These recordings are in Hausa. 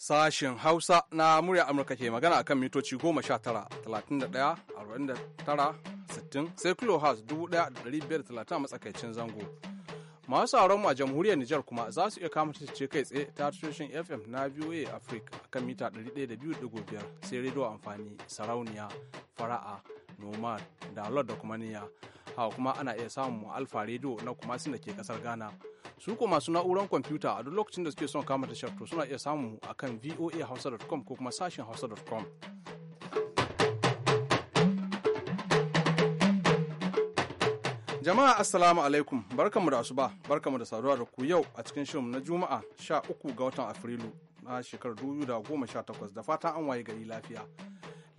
Sashen Hausa na murya Amurka ke magana akan mitoci 19, 31, 49, 60 sai kilohertz 1530 a matsakaicin zango. Masu sauran a jamhuriyar Nijar kuma za su iya kama ce kai tsaye ta tashoshin FM na VOA Africa akan mita 102.5 sai rediyo amfani sarauniya fara'a noma lord da kuma niya haka kuma ana iya samun mu alfa rediyo na kuma da ke kasar ghana su ko masu na'uran kwamfuta a duk lokacin da suke son kama tashar to suna iya samun mu samu kan voahausa.com ko kuma sashen hausa.com Jama'a Assalamu alaikum barkanmu da asuba barkanmu da saduwa da ku yau a cikin shirin na Juma'a uku ga watan Afrilu na shekarar 2018 da fata an waye gari lafiya.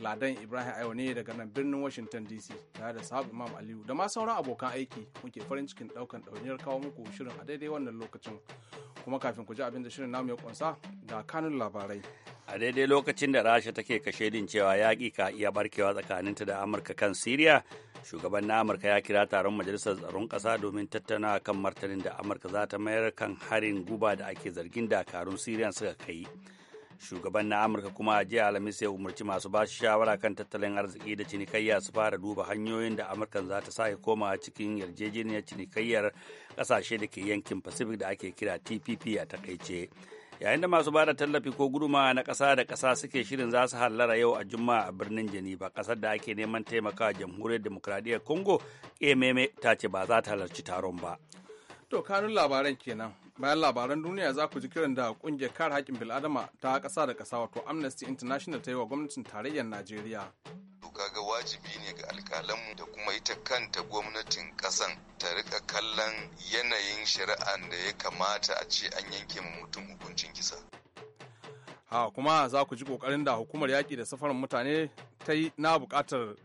Ladan Ibrahim Ayo ne daga nan birnin Washington DC tare da sahab Imam Aliyu da ma sauran abokan aiki muke farin cikin daukan dauniyar kawo muku shirin a daidai wannan lokacin. Kuma kafin ku ji abin da shirin namu ya kunsa ga kanun labarai. A daidai lokacin da Rasha take kashe din cewa yaƙi ka iya barkewa tsakaninta da Amurka kan Siriya, shugaban na Amurka ya kira taron majalisar tsaron ƙasa domin tattaunawa kan martanin da Amurka za ta mayar kan harin guba da ake zargin dakarun Siriya suka kai. shugaban na amurka kuma a jiya alhamis ya umarci masu ba shawara kan tattalin arziki da cinikayya su fara duba hanyoyin da amurka za ta sake koma cikin yarjejeniyar cinikayyar kasashe da ke yankin pacific da ake kira tpp a takaice yayin da masu ba da tallafi ko guduma na kasa da kasa suke shirin za su hallara yau a juma'a a birnin geneva ƙasar da ake neman taimaka jamhuriyar demokradiyyar congo ememe ta ce ba za ta halarci taron ba to kanun labaran kenan bayan labaran duniya za ku ji kiran da kungiyar kare haƙƙin bil'adama ta ƙasa da ƙasa wato amnesty international ta yi wa gwamnatin tarayyar najeriya kaga wajibi ne ga alkalanmu da kuma ita kanta gwamnatin ƙasan ta rika kallon yanayin shari'an da ya kamata a ce an yanke mutum hukuncin kisa ha kuma za ku ji kokarin da hukumar yaƙi da safarin mutane ta yi na buƙatar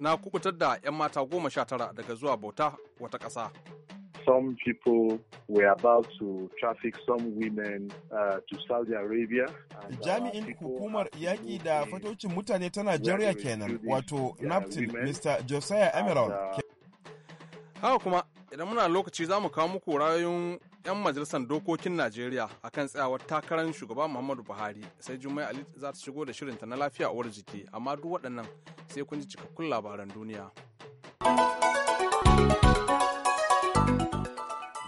na kukutar da 'yan mata goma sha tara daga zuwa bauta wata ƙasa some people were about to traffic some women uh, to Saudi Arabia. Uh, Jami'in hukumar yaƙi da fatocin mutane ta Najeriya kenan wato Naptin Mr. Josiah Emerald. Uh, Haka kuma idan muna lokaci za mu kawo muku rayoyin 'yan majalisar dokokin Najeriya kan tsayawar takarar shugaba Muhammadu Buhari sai Jummai Ali za ta shigo da shirinta na lafiya uwar jiki amma duk waɗannan sai kun ji cikakkun labaran duniya.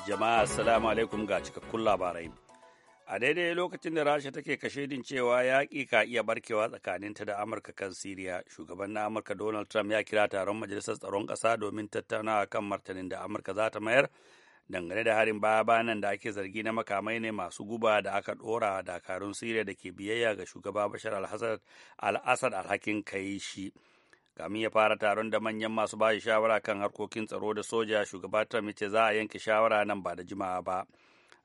Jama'a salamu alaikum ga cikakkun labarai. A daidai lokacin da Rasha take kashe din cewa yaƙi ka iya barkewa tsakaninta da Amurka kan Siriya, shugaban na Amurka Donald Trump ya kira taron Majalisar Tsaron Ƙasa domin tattaunawa kan martanin da Amurka za ta mayar dangane da harin baya banan da ake zargi na makamai ne masu guba da aka ɗora dakarun Siriya da ke biyayya ga shugaba Bashar al-Assad alhakin kai shi. kamin ya fara taron da manyan masu bayi shawara kan harkokin tsaro da soja shugaba Trump ce za a yanke shawara nan ba da jimawa ba.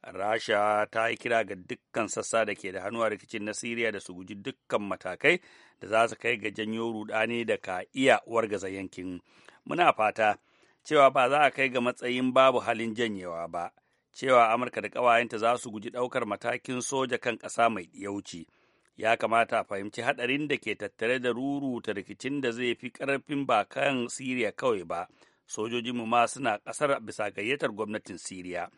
Rasha ta yi kira ga dukkan sassa da ke da hannu a rikicin na Siriya da su guji dukkan matakai da za su kai ga janyo rudani da ka iya wargaza yankin. Muna fata cewa ba za a kai ga matsayin babu halin janyewa ba, cewa Amurka da ƙawayenta za su guji ɗaukar matakin soja kan ƙasa mai ɗiyauci. ya kamata a fahimci haɗarin da ke tattare da ruruta rikicin da zai fi karfin ba kan siriya kawai ba sojojinmu ma suna ƙasar bisa gayyatar gwamnatin siriya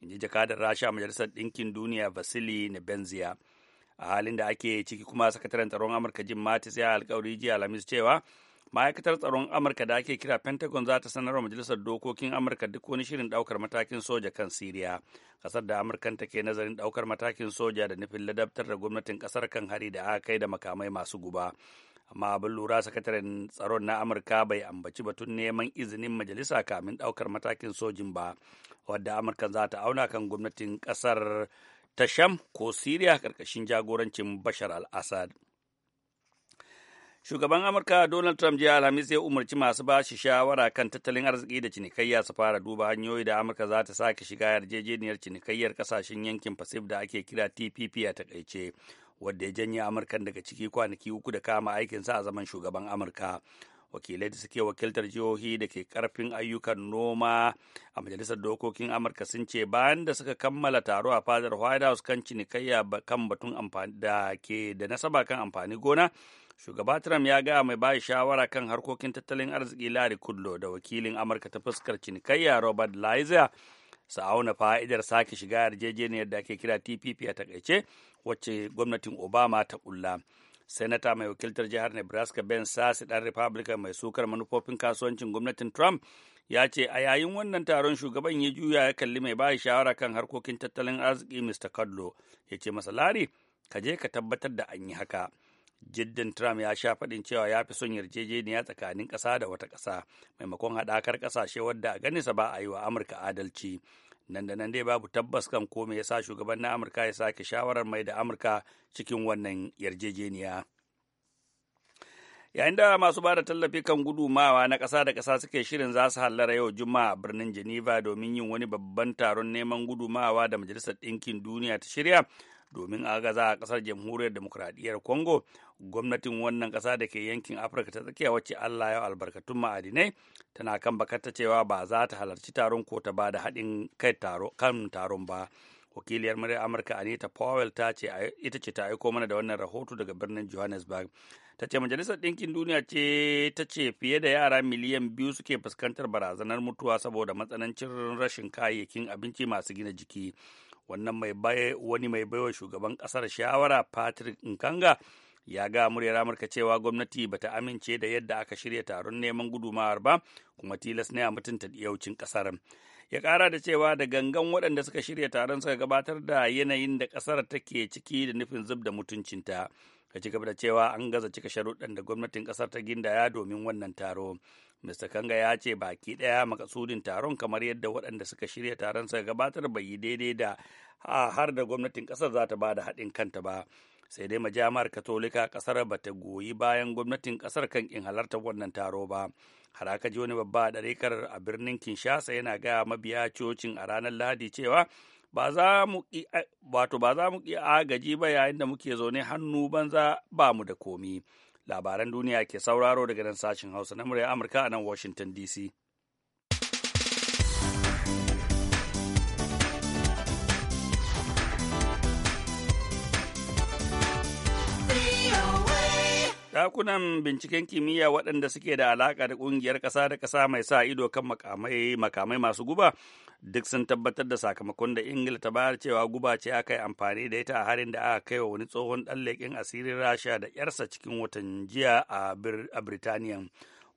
in ji jakadar rasha majalisar ɗinkin duniya vasili Benzia. a halin da ake ciki kuma sakataren tsaron amurka jim matis ya alkawari jiya alhamis cewa ma'aikatar tsaron amurka da ake kira pentagon za ta sanarwa majalisar dokokin amurka duk wani shirin daukar matakin soja kan siriya kasar da amurkan ke nazarin daukar matakin soja da nufin ladabtar da gwamnatin kasar kan hari da aka kai da makamai masu guba amma abin lura sakataren tsaron na amurka bai ambaci batun neman izinin majalisa kamin daukar matakin sojin ba wadda amurka za ta auna kan gwamnatin kasar ta sham ko siriya karkashin jagorancin bashar al-assad Shugaban Amurka Donald Trump jiya Alhamis ya umarci masu ba shi shawara kan tattalin arziki da cinikayya su fara duba hanyoyi da Amurka za ta sake shiga yarjejeniyar cinikayyar kasashen yankin Pacific da ake kira TPP a takaice, wadda ya janye Amurkan daga ciki kwanaki uku da kama aikinsa a zaman shugaban Amurka. wakilai da suke wakiltar jihohi da ke karfin ayyukan noma a majalisar dokokin amurka sun ce bayan da suka kammala taro a fadar white house kan cinikayya kan batun amfani da ke da nasaba kan amfani gona shugaba trump ya gaya mai ba shawara kan harkokin tattalin arziki larry kudlow da wakilin amurka ta fuskar cinikayya robert lizer su auna fa'idar sake shiga yarjejeniyar da ake kira tpp a takaice wacce gwamnatin obama ta kulla senata mai wakiltar jihar nebraska ben Sasse dan republican mai sukar manufofin kasuwancin gwamnatin trump ya ce a yayin wannan taron shugaban ya juya ya kalli mai bayi shawara kan harkokin tattalin arziki mr kadlo ya ce masa lari ka je ka tabbatar da an yi haka jiddin trump ya sha faɗin cewa ya fi son yarjejeniya tsakanin ƙasa da wata ƙasa maimakon haɗakar ƙasashe wadda a sa ba a yi wa amurka adalci nan da nan dai babu tabbas kan ko me yasa shugaban na amurka ya sake shawarar mai da amurka cikin wannan yarjejeniya yayin da masu ba da tallafi kan gudumawa na ƙasa da ƙasa suke shirin za su hallara yau juma'a a birnin geneva domin yin wani babban taron neman gudumawa da majalisar ɗinkin duniya ta shirya domin agaza a kasar jamhuriyar demokradiyyar congo gwamnatin wannan kasa da ke yankin afirka ta tsakiya wacce allah ya albarkatun ma'adinai tana kan ta cewa ba za ta halarci taron ko ta ba da haɗin kai kan taron ba wakiliyar murya amurka anita powell ta ce ita ce ta aiko mana da wannan rahoto daga birnin johannesburg ta ce majalisar ɗinkin duniya ce ta ce fiye da yara miliyan biyu suke fuskantar barazanar mutuwa saboda matsanancin rashin kayayyakin abinci masu gina jiki wannan mai baye wani mai baiwa shugaban kasar shawara patrick nkanga ya ga muryar amurka cewa gwamnati bata amince da yadda aka shirya taron neman gudumawar ba kuma tilas ne a mutunta yaucin kasar ya kara da cewa da gangan waɗanda suka shirya taron suka gabatar da yanayin da kasar take ciki da nufin zub da mutuncinta Ka ci gaba da cewa an gaza cika sharuɗan da gwamnatin ƙasar ta gindaya domin wannan taro mr kanga ya ce baki ɗaya makasudin taron kamar yadda waɗanda suka shirya taron suka gabatar bai yi daidai da har da gwamnatin ƙasar za ta ba da haɗin kanta ba sai dai majami'ar katolika ƙasar ba ta goyi bayan gwamnatin ƙasar kan in halartar wannan taro ba har aka ji wani babba a ɗarekar a birnin kinshasa yana gaya mabiya cocin a ranar lahadi cewa ba za mu wato ba za mu ƙi agaji ba yayin da muke zaune hannu banza ba mu da komi labaran duniya ke sauraro daga nan sashen hausa na murya amurka a nan washington dc sakunan binciken kimiyya waɗanda suke da alaƙa da ƙungiyar ƙasa da ƙasa mai sa ido kan makamai masu guba duk sun tabbatar da sakamakon da Ingila ta bayar cewa guba ce aka yi amfani da ita a harin da aka kai wa wani tsohon ɗan leƙin asirin Rasha da ‘yarsa cikin watan jiya a Birtaniya.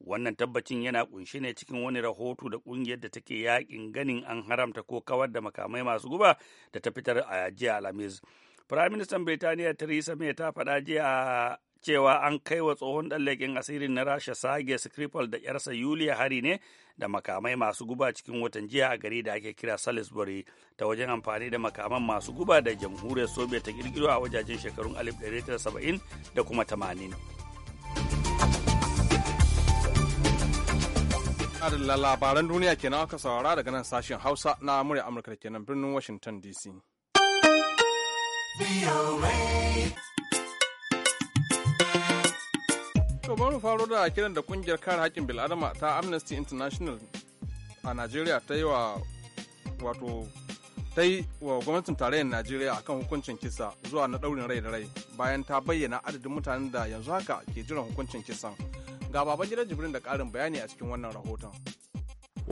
wannan tabbacin yana kunshi ne cikin wani rahoto da ƙungiyar da take yakin ganin an haramta ko kawar da makamai masu guba da ta fitar a jiya alhamis Firaministan Birtaniya Theresa May ta faɗa jiya cewa an kai wa tsohon ɗan asirin na rasha sage skripal da yarsa yuliya hari ne da makamai masu guba cikin watan jiya a gari da ake kira salisbury ta wajen amfani da makaman masu guba da jamhuriyar soviet ta kirkiro a wajajen shekarun 1970 da kuma 80 labaran duniya kenan aka saurara daga nan sashen hausa na murya amurka da kenan birnin washington dc To bari faro da kiran da kungiyar kare haƙƙin bil'adama ta Amnesty International a Najeriya ta yi wa gwamnatin tarayyar Najeriya akan hukuncin kisa zuwa na ɗaurin rai da rai bayan ta bayyana adadin mutanen da yanzu haka ke jiran hukuncin kisan. Ga baban gidan Jibrin da ƙarin bayani a cikin wannan rahoton.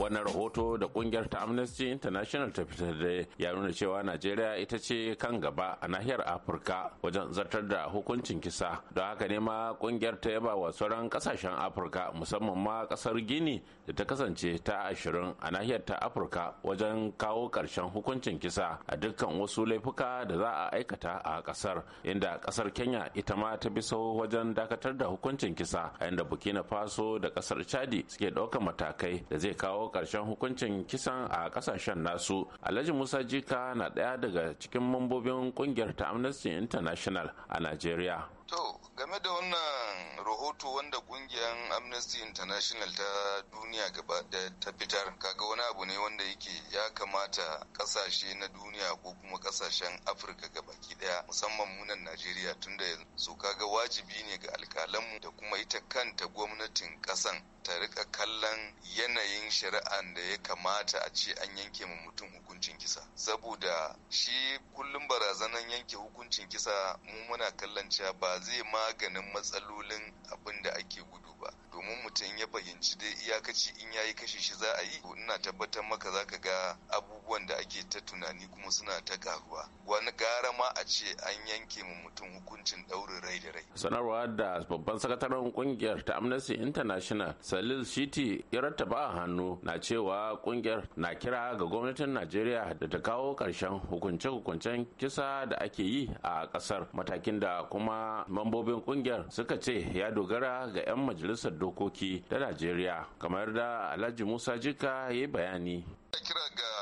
wannan rahoto da kungiyar ta amnesty international ta fitar da ya nuna cewa najeriya ita ce kan gaba a nahiyar afirka wajen zartar da hukuncin kisa don haka ne ma kungiyar ta yaba wa sauran kasashen afirka musamman ma kasar gini da ta kasance ta ashirin a nahiyar ta afirka wajen kawo karshen hukuncin kisa a dukkan wasu laifuka da za a aikata a kasar inda kasar kenya ita ma ta bi sau wajen dakatar da hukuncin kisa a inda Bukina faso da kasar chadi suke ɗaukar matakai da zai kawo karshen hukuncin kisan a kasashen nasu alhaji musa jika na ɗaya daga cikin mambobin ƙungiyar ta amnesty international a nigeria. To game da wannan rahoto wanda kungiyar Amnesty International ta duniya gaba da ta fitar kaga wani abu ne wanda yake ya kamata kasashe na duniya ko kuma kasashen Afirka gabaki daya musamman munan Najeriya tun tunda yanzu kaga wajibi ne ga alkalanmu da kuma ita kanta gwamnatin kasan ta rika kallon yanayin shari'an da ya kamata a ce an yanke ma mutum hukuncin kisa saboda shi kullum barazanan yanke hukuncin kisa mu muna kallon cewa ba zai maganin matsalolin abin da ake gudu ba domin mutum ya fahimci dai iyakaci in ya yi kashe shi za a yi ina tabbatar maka za ka ga abubuwan da ake ta tunani kuma suna ta karuwa wani gara ma a ce an yanke mu mutum hukuncin ɗaurin rai da rai. sanarwa da babban sakataren kungiyar ta amnesty international salil shiti ya rattaba a hannu na cewa kungiyar na kira ga gwamnatin najeriya da ta kawo karshen hukunce-hukuncen kisa da ake yi a kasar matakin da kuma mambobin kungiyar suka ce ya dogara ga 'yan majalisar dokoki da najeriya kamar da alhaji musa jika ya yi bayani kira ga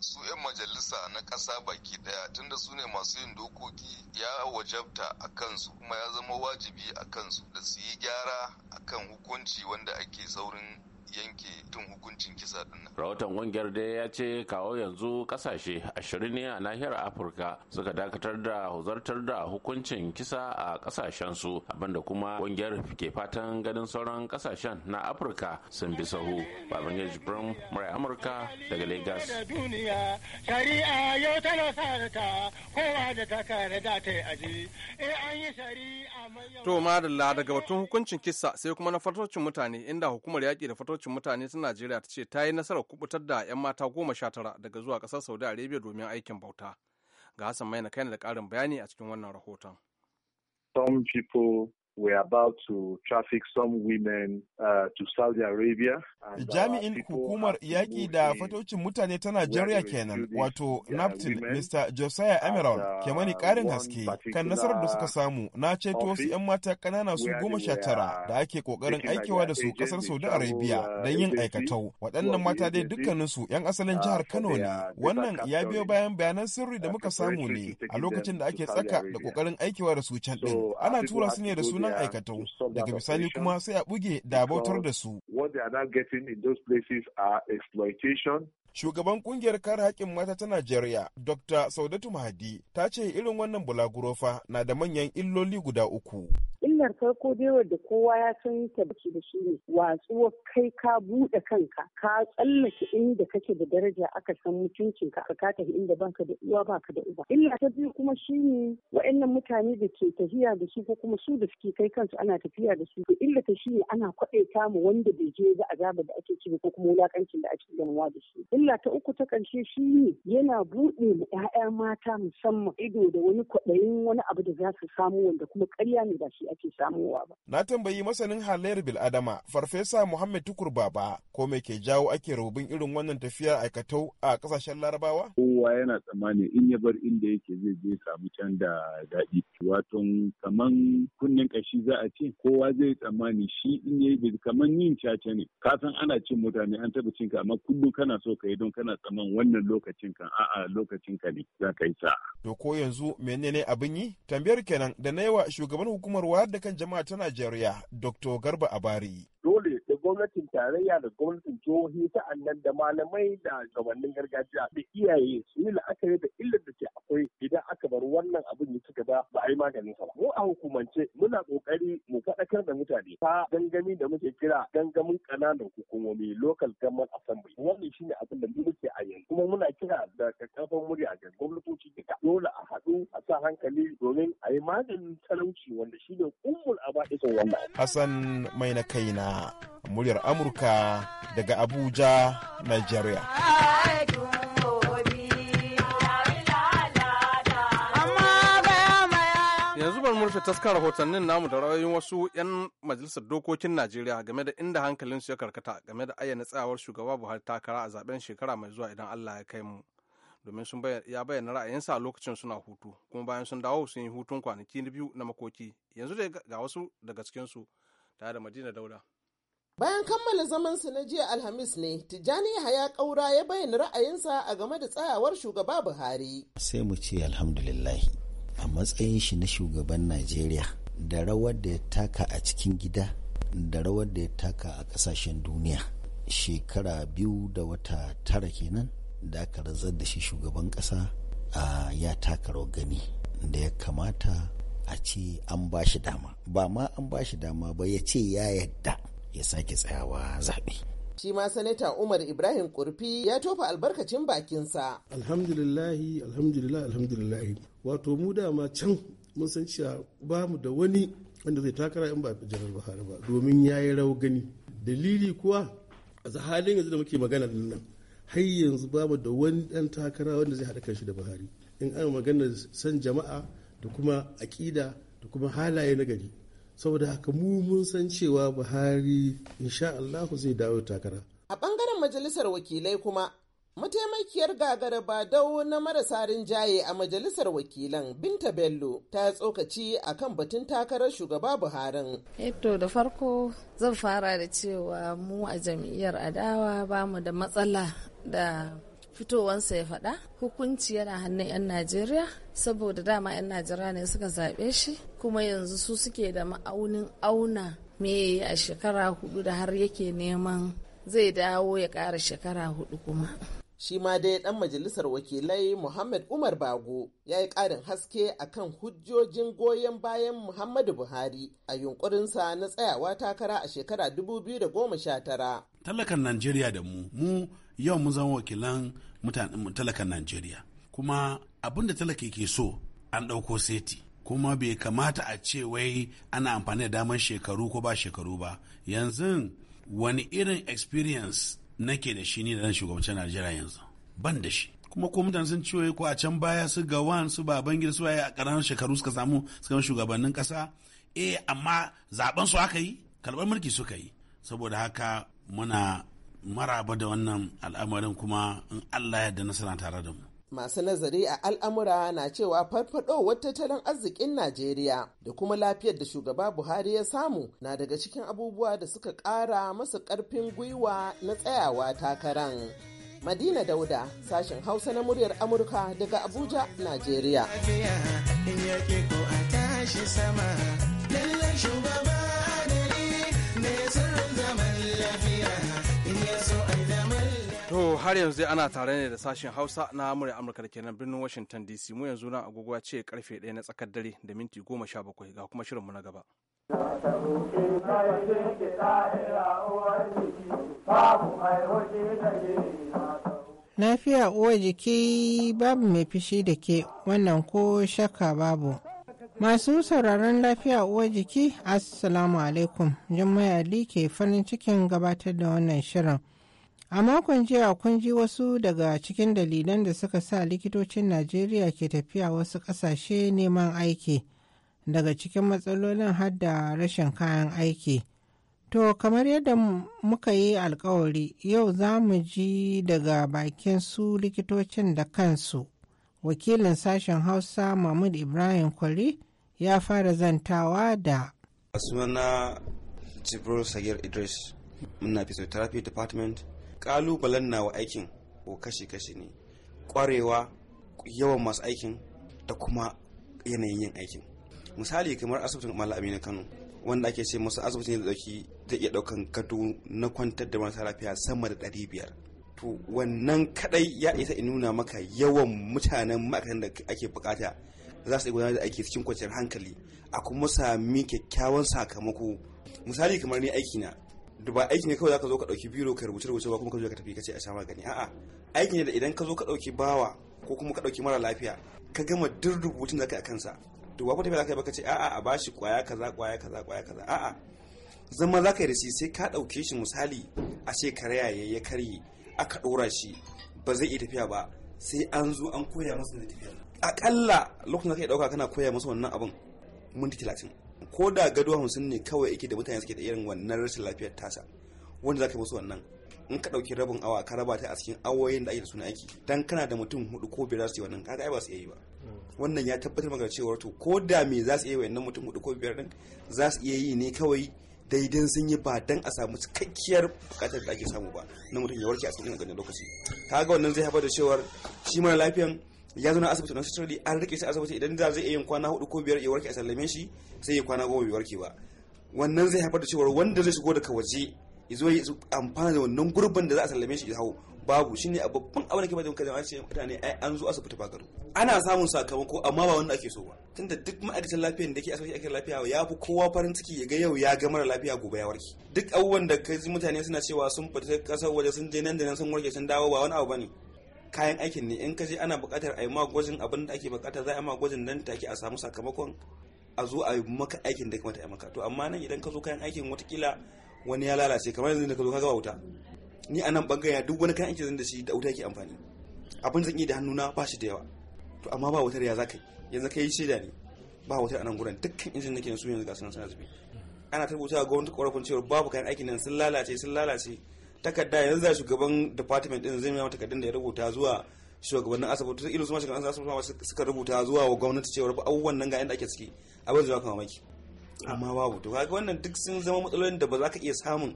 su 'yan majalisa na ƙasa baki ɗaya tunda su ne masu yin dokoki ya wajabta a kansu kuma ya zama wajibi a kansu da su yi gyara a kan hukunci wanda ake saurin yanke tun hukuncin kisa din rahoton kungiyar dai ya ce kawo yanzu kasashe ashirin ne a nahiyar afirka suka dakatar da huzartar da hukuncin kisa a kasashen su abinda kuma kungiyar ke fatan ganin sauran kasashen na afirka sun bi sahu babangeji brown murai amurka daga lagos shari'a yau da ta eh, to madalla daga batun hukuncin kisa sai kuma na fatocin mutane inda hukumar yaƙi da fatocin kocin mutane ta najeriya ta ce ta yi nasarar kubutar da 'yan mata goma sha tara daga zuwa ƙasar saudi arabia domin aikin bauta ga hassan maina kaina da ƙarin bayani a cikin wannan rahoton some people were about to traffic some women uh, to saudi arabia Uh, Jami'in hukumar yaƙi da fatocin mutane ta Najeriya kenan, wato NAPTIN, Mr. Josiah Emerald, uh, ke mani ƙarin haske kan nasarar da suka samu na ceto wasu 'yan mata ƙanana su goma sha tara da ake ƙoƙarin aikewa da su ƙasar Saudi Arabia uh, don yin aikatau. Waɗannan mata dai dukkaninsu 'yan asalin jihar Kano ne. Wannan ya biyo bayan bayanan sirri da muka samu ne a lokacin da ake tsaka da ƙoƙarin aikewa da su can ɗin. Ana tura su ne da sunan aikatau, daga bisani kuma sai a buge da bautar da su. exploiting in those places are exploitation, Shugaban kungiyar kar haƙƙin mata ta Najeriya, Dr. Saudatu Mahadi, ta ce irin wannan bulagurofa na da manyan illoli guda uku. illar farko dai da kowa ya san ta baki da shi ne watsuwa kai ka buɗe kanka ka tsallake inda kake da daraja aka san mutuncin ka ka tafi inda banka da uwa baka da uba illa ta biyu kuma shi ne wa'annan mutane da ke tafiya da su ko kuma su da suke kai kansu ana tafiya da su to illa ta shi ne ana kwaɗe mu wanda bai je ga azaba da ake ciki ko kuma wulaƙancin da ake ganuwa da shi illa ta uku ta ƙarshe shi ne yana buɗe ma 'ya'ya mata musamman ido da wani kwaɗayin wani abu da za su samu wanda kuma ƙarya ne ba shi ake samuwa ba. Na tambayi masanin halayyar bil'adama Farfesa Muhammad Tukur Baba ko me ke jawo ake rubin irin wannan tafiya aikatau a ƙasashen Larabawa? Kowa yana tsammani in ya bar inda yake zai je samu can da daɗi. wato kaman kunnen ƙashi za a ce kowa zai tsammani shi in ya yi kaman yin caca ne. Kasan ana cin mutane an taɓa cin ka amma kullum kana so ka idan kana tsaman wannan lokacin kan a'a lokacin ka ne za ka yi sa'a. To ko yanzu menene abin yi? Tambayar kenan da na yawa shugaban hukumar wayar da kan jama'a ta Najeriya Dr. Garba Abari. To gwamnatin tarayya da gwamnatin jihohi annan da malamai da gabanin gargajiya da iyaye su yi la'akari da illar da ke akwai idan aka bar wannan abin ya ci gaba ba a yi maganin sa ba. Mu a hukumance muna kokari mu faɗakar da mutane ta gangami da muke kira gangamin ƙananan hukumomi local government assembly wannan shine abin da muke a yanzu kuma muna kira da kakkafan murya ga gwamnatoci duka dole a haɗu a sa hankali domin a yi maganin talauci wanda shine ummul abadisin wannan. Hassan mai na kaina muryar Amurka daga Abuja, Nigeria. Yanzu bar murfe rufe taskar rahotannin namu da ra'ayoyin wasu 'yan majalisar dokokin Najeriya game da inda hankalinsu ya karkata game da ayyana tsayawar shugaba Buhari takara a zaben shekara mai zuwa idan Allah ya kai mu. domin sun ya bayyana ra'ayinsa a lokacin suna hutu kuma bayan sun dawo sun yi hutun kwanaki na biyu na makoki yanzu da ga wasu daga cikinsu tare da madina daula Bayan kammala zaman su na jiya Alhamis ne, Tijjani Haya Kaura ya bayyana ra'ayinsa a game da tsayawar shugaba Buhari. Sai mu ce alhamdulillahi a matsayin shi na shugaban Najeriya da rawar da ya taka a cikin gida da rawar da ya taka a kasashen duniya. Shekara biyu da wata tara kenan da aka rantsar da shi shugaban ƙasa a ya taka gani da ya kamata a ce an ba shi dama. Ba ma an ba shi dama ba ya ce ya yadda. ya sake tsayawa zaɓe. shi ma sanata umar ibrahim kurfi ya tofa albarkacin bakinsa alhamdulillahi alhamdulillah alhamdulillahi wato mu dama can mun san cewa ba mu da wani wanda zai takara in ba jihar buhari ba domin ya yi gani dalili kuwa a halin yanzu da muke magana nan har yanzu ba mu da wani dan takara wanda zai haɗa kanshi da buhari in ana maganar san jama'a da kuma aƙida da kuma halaye na gari saboda haka mu mun san cewa buhari insha Allah zai dawo takara a bangaren majalisar wakilai kuma mataimakiyar gagara badau na marasa rinjaye a majalisar wakilan binta bello ta tsokaci a kan batun takarar shugaba buharin eto eh da farko zan fara da cewa mu a jam'iyyar adawa ba mu da matsala da fitowansa ya faɗa hukunci yana hannun 'yan najeriya saboda dama 'yan najeriya ne suka zaɓe shi kuma yanzu su suke da ma'aunin auna me a shekara hudu da har yake neman zai dawo ya ƙara shekara hudu kuma shi ma dai ɗan majalisar wakilai Muhammad Umar Bago ya yi ƙarin haske akan hujjojin goyon bayan Muhammadu Buhari a yunkurinsa na tsayawa takara a shekara 2019. Talakan Najeriya da mu, mu yau mun zama wakilan mutanen talakan najeriya kuma abin da talaka ke so an ɗauko seti kuma bai kamata a ce wai ana amfani da damar shekaru ko ba shekaru ba yanzu wani irin experience nake da shi ni da shugabancin najeriya yanzu ban da shi kuma ko mutane sun ciwo ko a can baya su wan su baban gida su waye a ƙananan shekaru suka samu suka shugabannin ƙasa eh amma zaben su aka yi kalbar mulki suka yi saboda haka muna maraba da wannan al'amarin kuma in Allah yadda nasara tare da mu. Masu nazari a al'amura na cewa farfadowar tattalin arzikin Najeriya da kuma lafiyar da shugaba Buhari ya samu na daga cikin abubuwa da suka ƙara masu ƙarfin gwiwa na tsayawa takaran. Madina Dauda, sashen Hausa na muryar Amurka daga Abuja, Najeriya. sama. To har yanzu dai ana tare ne da sashen Hausa na murya Amurka da kenan birnin Washington DC mu yanzu na agogo ce karfe 1 na tsakar dare da minti goma 17 ga kuma shirinmu na gaba. Lafiya uwa jiki babu mai fishi da ke wannan ko shakka babu. Masu sauraron lafiya uwa jiki, Assalamu alaikum, Jummai Ali ke farin cikin gabatar da wannan shirin. A makon jiya kun ji wasu daga cikin dalilan da suka sa likitocin Najeriya ke tafiya wasu ƙasashe neman aiki, daga cikin matsalolin har da rashin kayan aiki. To, kamar yadda muka yi alkawari, yau za mu ji daga bakin su likitocin da kansu. Wakilin sashen Hausa Mahmud Ibrahim Kwari ya fara zantawa da. Sunana Jibril Sagir Idris, muna physiotherapy department. kalubalen nawa aikin ko kashe-kashe ne kwarewa yawan masu aikin da kuma yanayin yin aikin misali kamar asibitin mala aminu kano wanda ake ce masu asibiti ne da dauki ta iya daukan gado na kwantar da marasa lafiya sama da ɗari biyar to wannan kadai ya isa in nuna maka yawan mutanen ma'aikatan da ake bukata za su iya gudanar da aiki cikin kwanciyar hankali a kuma sami kyakkyawan sakamako misali kamar ni aiki na da ba aiki ne kawai zaka zo ka dauki biro ka rubuce rubuce ba kuma ka zo ka tafi ka ce a sha magani a'a aiki ne da idan ka zo ka dauki bawa ko kuma ka dauki mara lafiya ka gama duk rubutun da kai a kansa to ba ku tafi zaka ba ka ce a'a a bashi kwaya kaza kwaya kaza kwaya kaza a'a zama zaka yi da shi sai ka dauke shi misali a ce karya ya karye aka dora shi ba zai iya tafiya ba sai an zo an koya masa da tafiya akalla lokacin da kai dauka kana koya masa wannan abin minti talatin ko da gado hamsin ne kawai yake da mutane suke da irin wannan rashin lafiyar tasa wanda za ka musu wannan in ka ɗauki rabin awa ka raba ta a cikin awoyin da ake da suna aiki dan kana da mutum hudu ko biyar za su yi wannan kaga ai ba su iya yi ba wannan ya tabbatar maka cewa to ko da me za su iya yi wannan mutum hudu ko biyar din za su iya yi ne kawai daidan sun yi ba dan a samu cikakkiyar bukatar da ake samu ba na mutum ya warke a cikin ganin lokaci kaga wannan zai haifar da cewar shi mara lafiyan ya zo na asibiti na sitirali an rike shi asibiti idan da zai iya yin kwana hudu ko biyar ya warke a sallame shi sai ya kwana goma bai warke ba wannan zai haifar da cewa wanda zai shigo daga waje ya zo ya amfana da wannan gurbin da za a sallame shi ya hau babu shine a babban abin da ke bada kaza ce mutane ai an zo asibiti ba garo ana samun sakamako amma ba wanda ake so ba tunda duk ma'aikatan lafiyar da ke asibiti ake lafiya ya fi kowa farin ciki ya ga yau ya ga mara lafiya gobe ya warke duk abubuwan da kai mutane suna cewa sun fita kasar waje sun je nan da nan sun warke sun dawo ba wani abu bane kayan aikin ne in ka je ana buƙatar a yi ma gwajin abin da ake buƙata za a yi ma gwajin nan take a samu sakamakon a zo a yi maka aikin da kamata a maka to amma nan idan ka zo kayan aikin watakila wani ya lalace kamar yanzu da ka zo ka gaba wuta ni a nan bangaya duk wani kayan aikin zan da shi da wuta yake amfani abin zan yi da hannuna ba shi da yawa to amma ba wutar ya za ka yi yanzu ka yi shaida ne ba wutar a nan gurin dukkan injin ke su yanzu ga sunan sana zube ana ta ga wani korafin cewa babu kayan aikin nan sun lalace sun lalace takarda yanzu shugaban department din zai nuna takardun da ya rubuta zuwa shugabannin asibiti irin su mashigan asibiti suka rubuta zuwa wa gwamnati cewa abubuwan nan ga yadda ake ciki abin zai baka mamaki amma babu to kaga wannan duk sun zama matsalolin da ba za ka iya samun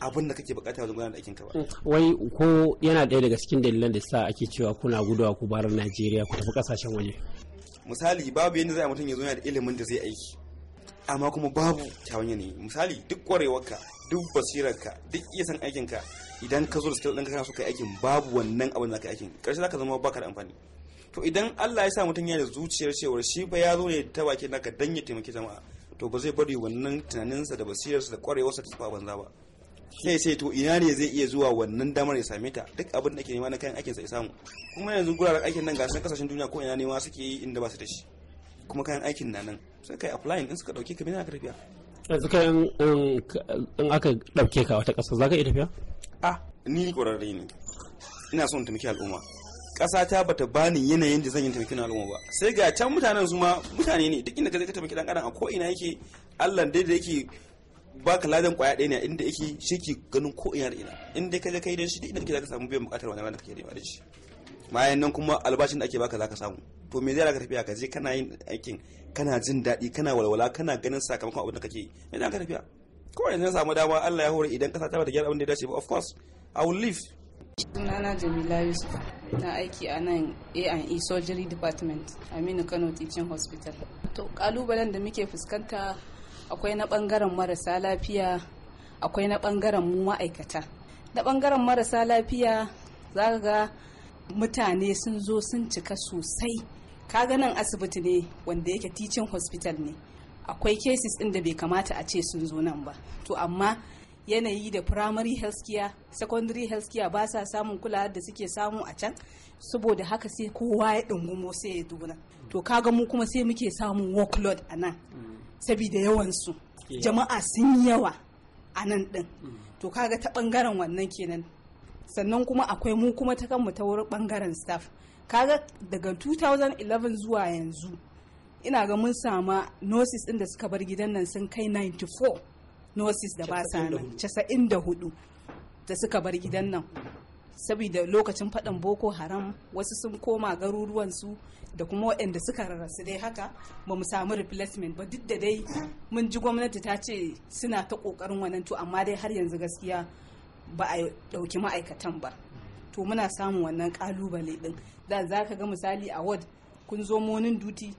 abin da kake bukata wajen gudanar da aikin ka ba mm. wai ko yana daya daga cikin dalilan da sa ake cewa kuna gudawa ku bar Najeriya ku tafi kasashen waje misali babu yadda zai mutum ya zo yana da ilimin da zai aiki amma kuma babu kyawun yanayi misali duk kwarewarka duk basirarka duk iya san aikinka idan ka zo da skill ɗinka kana so kai aikin babu wannan abin da ka aikin ƙarshe zaka zama baka da amfani to idan Allah ya sa mutum ya da zuciyar cewa shi fa ya zo ne ta baki naka dan ya taimaki jama'a to ba zai bari wannan tunaninsa da basirarsa da kwarewarsa ta tafi banza ba sai sai to ina ne zai iya zuwa wannan damar ya same ta duk abin da ke nema na kayan aikinsa ya samu kuma yanzu guraren aikin nan ga sun kasashen duniya ko ina nema suke yi inda ba su da shi kuma kayan aikin na nan sai kai applying din suka dauke ka bin ka tafiya yanzu kai in aka ɗauke ka wata ƙasa za ka iya tafiya? ah ni ƙwararre ne ina son taimaki al'umma ƙasa ta bata bani yanayin da zan yi kina al'umma ba sai ga can mutanen su ma mutane ne duk inda ka zai ka taimaki dan adam a ko ina yake Allah dai da yake baka ladan kwaya ɗaya ne inda yake shi ke ganin ko ina da ina inda ka je kai da shi duk inda kake zaka samu biyan bukatar wannan ranar kake da shi bayan nan kuma albashin da ake baka zaka samu to me zai ka tafiya ka je kana yin aikin kana jin daɗi kana walwala kana ganin sakamakon abin da kake yi idan ka tafiya kawai na samu dama Allah ya hore idan ƙasa ta bata gyara abin da ya dace ba of course I will leave sunana Jamila Yusuf na aiki a nan A&E Surgery Department Aminu Kano Teaching Hospital to kalubalen da muke fuskanta akwai na bangaren marasa lafiya akwai na bangaren mu ma'aikata na bangaren marasa lafiya za ga mutane sun zo sun cika sosai kaga nan asibiti ne wanda yake teaching hospital ne akwai cases ɗin da bai kamata a ce sun zo nan ba to amma yanayi da primary health care secondary health care ba sa samun kulawa da suke samu a can saboda haka sai kowa ya dungumo sai ya duna to kaga mu kuma sai muke samun workload a nan saboda yawansu jama'a sun yawa a nan din mm. to kaga ta bangaren wannan kenan sannan kuma akwai mu kuma ta kanmu ta wurin bangaren staff kaga daga 2011 zuwa yanzu ina ga mun sama nurses din da suka bar gidan nan sun kai 94 nurses da ba sa nan 94 da suka bar gidan nan saboda lokacin faɗan boko haram wasu sun koma garuruwan su da kuma waɗanda suka rarrasu dai haka ba mu samu replacement ba duk da dai mun ji gwamnati ta ce suna ta ƙoƙarin wannan to amma dai har yanzu gaskiya ba a ɗauki ma'aikatan ba to muna samun wannan kalubale din da za ka ga misali a ward kun zo monin duty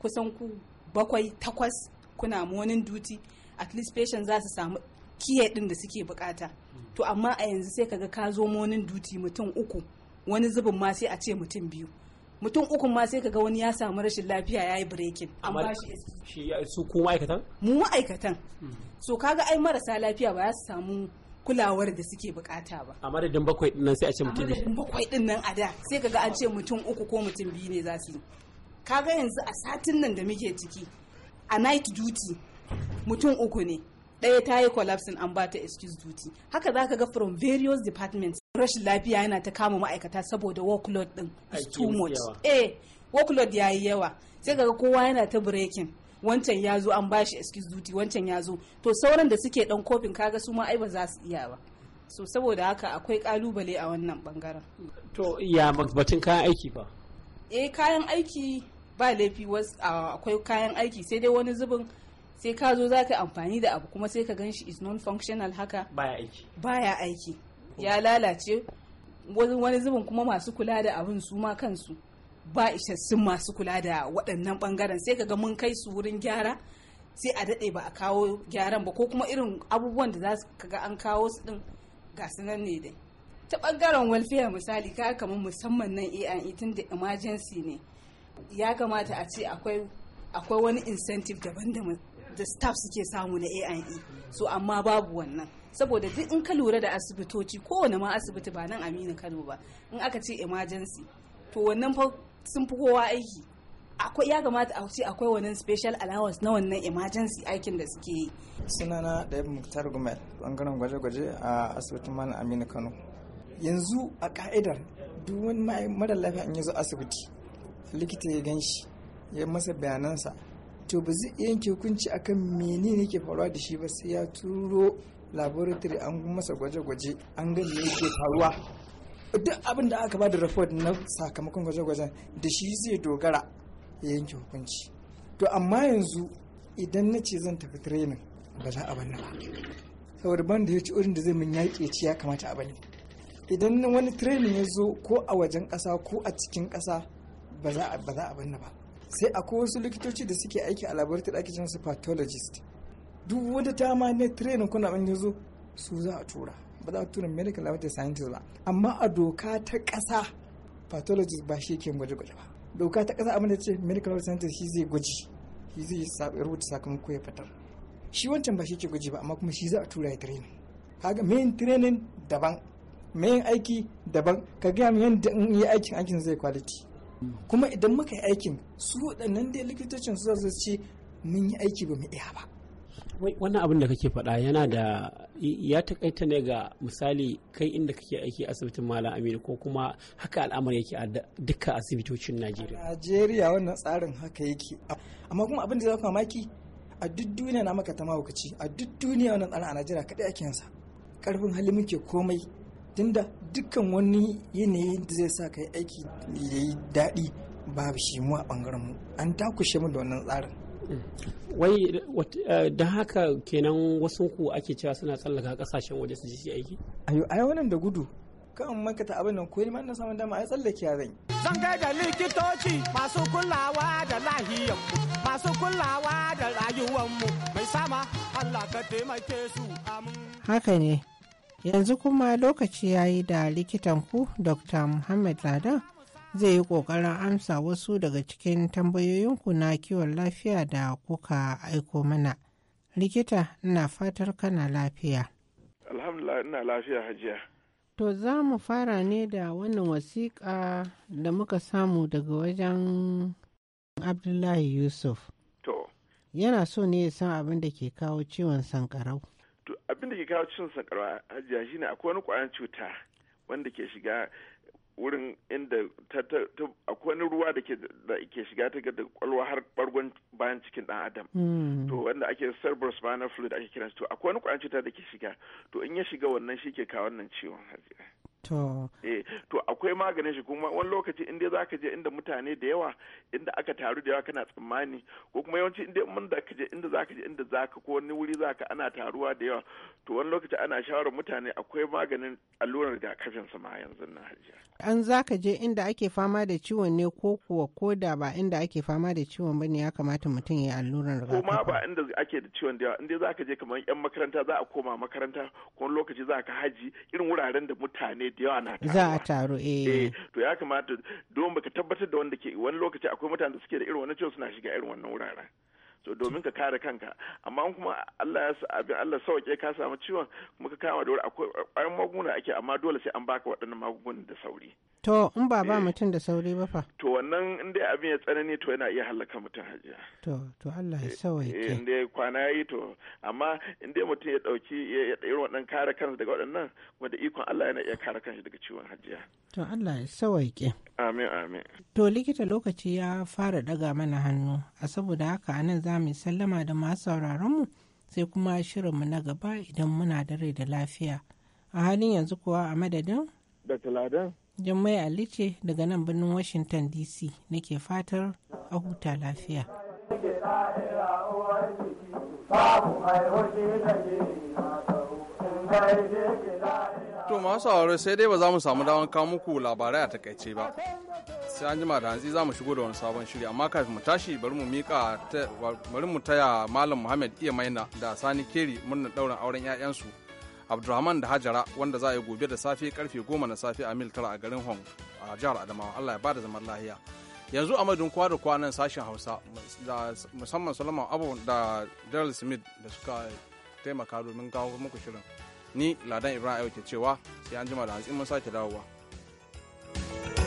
kusan ku bakwai takwas kuna monin duty at least patient za su samu kiye din da suke bukata to amma a yanzu sai kaga ka zo monin duty mutum uku wani zubin ma sai a ce mutum biyu mutum uku ma sai kaga wani ya samu rashin lafiya ya yi breaking Amma shi su kuma ma'aikatan mu ma'aikatan hmm. so kaga ai marasa lafiya ba ya su samu kulawar da suke bukata ba a madadin bakwai din nan sai a ce mutum biyu bakwai din nan a da sai kaga an ce mutum uku ko mutum biyu ne za su yi kaga yanzu a satin nan da muke ciki a night duty mutum uku ne ɗaya ta yi collapsing an ba ta excuse duty haka za ka ga from various departments rashin lafiya yana ta kama ma'aikata saboda workload din is too much eh workload ya yi yawa sai kaga kowa yana ta breaking wancan ya zo an ba shi excuse duty wancan ya zo to sauran da suke dan kofin kaga su ma ai ba za su iya ba so saboda haka akwai kalubale a wannan bangaren to ya batun kayan aiki fa eh kayan aiki ba laifi akwai kayan aiki sai dai wani zubin sai ka zo za ka amfani da abu kuma sai ka gan shi is non functional haka baya aiki baya aiki ya lalace wani zubin kuma masu kula da abin su ma kansu ba isassun masu kula da waɗannan ɓangaren sai ga mun kai su wurin gyara sai a daɗe ba a kawo gyaran ba ko kuma irin abubuwan da za su kaga an kawo su ɗin ga su nan ne dai ta ɓangaren welfare misali ka kamar musamman nan A_I e tun da emergency ne ya kamata a ce akwai wani incentive daban da da staff suke samu na A_I e. so amma babu wannan saboda duk in ka lura da asibitoci kowane ma asibiti ba nan Aminu Kano ba in aka ce emergency to wannan sun fi kowa aiki akwai ya kamata a ce akwai wani special allowance na wannan emergency aikin da suke yi sunana da yabi muktar gumel bangaren gwaje-gwaje a asibitin mana aminu kano yanzu a ka'idar duk wani mara lafiya in zo asibiti likita ya gan shi ya masa bayanansa to ba zai iya yanke hukunci akan ne ke faruwa da shi ba sai ya turo laboratory an masa gwaje-gwaje an gani yake faruwa duk abin da aka ba da report na sakamakon gwaje-gwajen da shi zai dogara ya yanke hukunci to amma yanzu idan na ce zan tafi training ba za a banna ba saboda ban da ya ci urin da zai min yaƙi ci ya kamata a bani idan wani training ya zo ko a wajen ƙasa ko a cikin ƙasa ba za a banna ba sai akwai wasu likitoci da suke aiki a laboratory da ake su pathologist duk wata dama na training kuna ban ya zo su za a tura ba za a tura medical laboratory scientist ba amma a doka ta ƙasa pathologist ba shi ke gwaje-gwaje ba doka ta ƙasa abin da ce medical laboratory scientist shi zai gwaji shi zai rubuta sakamako ya fitar shi wancan ba shi ke gwaji ba amma kuma shi za a tura ya training kaga main training daban main aiki daban ka gaya min yadda in yi aikin aikin zai quality kuma idan muka yi aikin su waɗannan dai likitocin su za su ce mun yi aiki ba mu iya ba wannan abin da kake faɗa yana da ya takaita ne ga misali kai inda kake aiki asibitin malam aminu ko kuma haka al'amari yake a dukkan asibitocin najeriya najeriya wannan tsarin haka yake amma kuma abin da za ku mamaki a duk duniya na maka ta mahaukaci a duk duniya wannan tsarin a najeriya kaɗai ake yansa karfin hali muke komai tunda dukkan wani yanayi da zai sa ka aiki ya yi daɗi babu shi mu a ɓangaren mu an takushe mu da wannan tsarin wai eh, da haka kenan wasu ku ake cewa suna tsallaka kasashen waje su ji aiki ayo ayo wannan da gudu kan makata abin nan ko ma na samun dama ai tsallake zan zan kai da likitoci masu kulawa da lahiyar masu kulawa da rayuwar mu mai sama Allah ka taimake su amin haka ne yanzu kuma lokaci yayi da likitan ku Dr. Muhammad Ladan zai yi ƙoƙarin amsa wasu daga cikin tambayoyinku na kiwon lafiya da kuka aiko mana. Likita, ina fatar kana lafiya. Alhamdulillah ina lafiya hajiya. To za mu fara ne da wannan wasiƙa da muka samu daga wajen Abdullahi Yusuf. To. Yana so ne ya san abin da ke kawo ciwon sankarau. To abin da ke kawo ciwon sankarau hajiya shine akwai wani ƙwayar cuta wanda ke shiga wurin inda akwai wani ruwa da ke shiga ta da kwalwa har bargon bayan cikin dan adam hmm. to wanda ake cerebral spinal fluid ake kiransu to akwai wani kwayan cuta da ke shiga to in ya shiga wannan shi ke kawo wannan ciwon hajiya To. Eh, to akwai maganin shi kuma wani lokaci in dai ka je inda mutane da yawa inda aka taru da yawa kana tsammani ko kuma yawanci inda mun da ka je inda ka je inda za ka ko wani wuri za ka ana taruwa da yawa to wani lokaci ana shawarar mutane akwai maganin allurar rigakafin sama yanzu na hajiya. An ka je inda ake fama da ciwon ne ko kuwa ko da ba inda ake fama da ciwon bane ya kamata mutum ya allurar rigakafi. Kuma ba inda ake da ciwon da yawa inda ka je kamar yan makaranta za a koma makaranta ko lokaci za ka haji irin wuraren da mutane da yawa na taruwa. Za a taru eh. eh. to ya kamata don baka tabbatar da wanda ke wani lokaci akwai mutane da suke da irin wannan ciwon suna shiga irin wannan wuraren. so domin ka kare kanka amma kuma Allah ya sa abin Allah sauke ka samu ciwon kuma ka kama da wuri akwai ƙwayan magunguna ake amma dole sai an baka waɗannan magungunan da sauri to in ba ba eh. mutum da sauri ba fa to wannan in dai abin ya tsanani to yana iya halaka mutum hajiya to to Allah ya sauke eh, in dai kwana yi to amma in dai mutum ya dauki ya irin waɗannan kare kansa daga waɗannan kuma da ikon Allah yana iya kare kansa daga ciwon hajiya to Allah ya sauke amin amin to likita lokaci ya fara daga mana hannu a saboda haka anan za mu sallama da masu mu sai kuma shirinmu na gaba idan muna da rai da lafiya. A halin yanzu kuwa a madadin? Da taladan. Jummai Ali daga nan birnin Washington DC nake fatar a huta lafiya. To masu sai dai ba za mu samu damar kawo muku labarai a takaice ba. sai an jima da hanzi za mu shigo da wani sabon shiri amma kafin mu tashi bari mu mika bari mu taya malam muhammad iya maina da sani keri murnar ɗaurin auren 'ya'yansu abdulrahman da hajara wanda za a yi gobe da safe karfe goma na safe a mil tara a garin hong a jihar adamawa allah ya bada zaman lahiya yanzu a madun kwa da kwanan sashen hausa musamman solomon abu da daryl smith da suka taimaka domin kawo muku shirin ni ladan ibrahim ke cewa sai an jima da hanzi mun sake dawowa.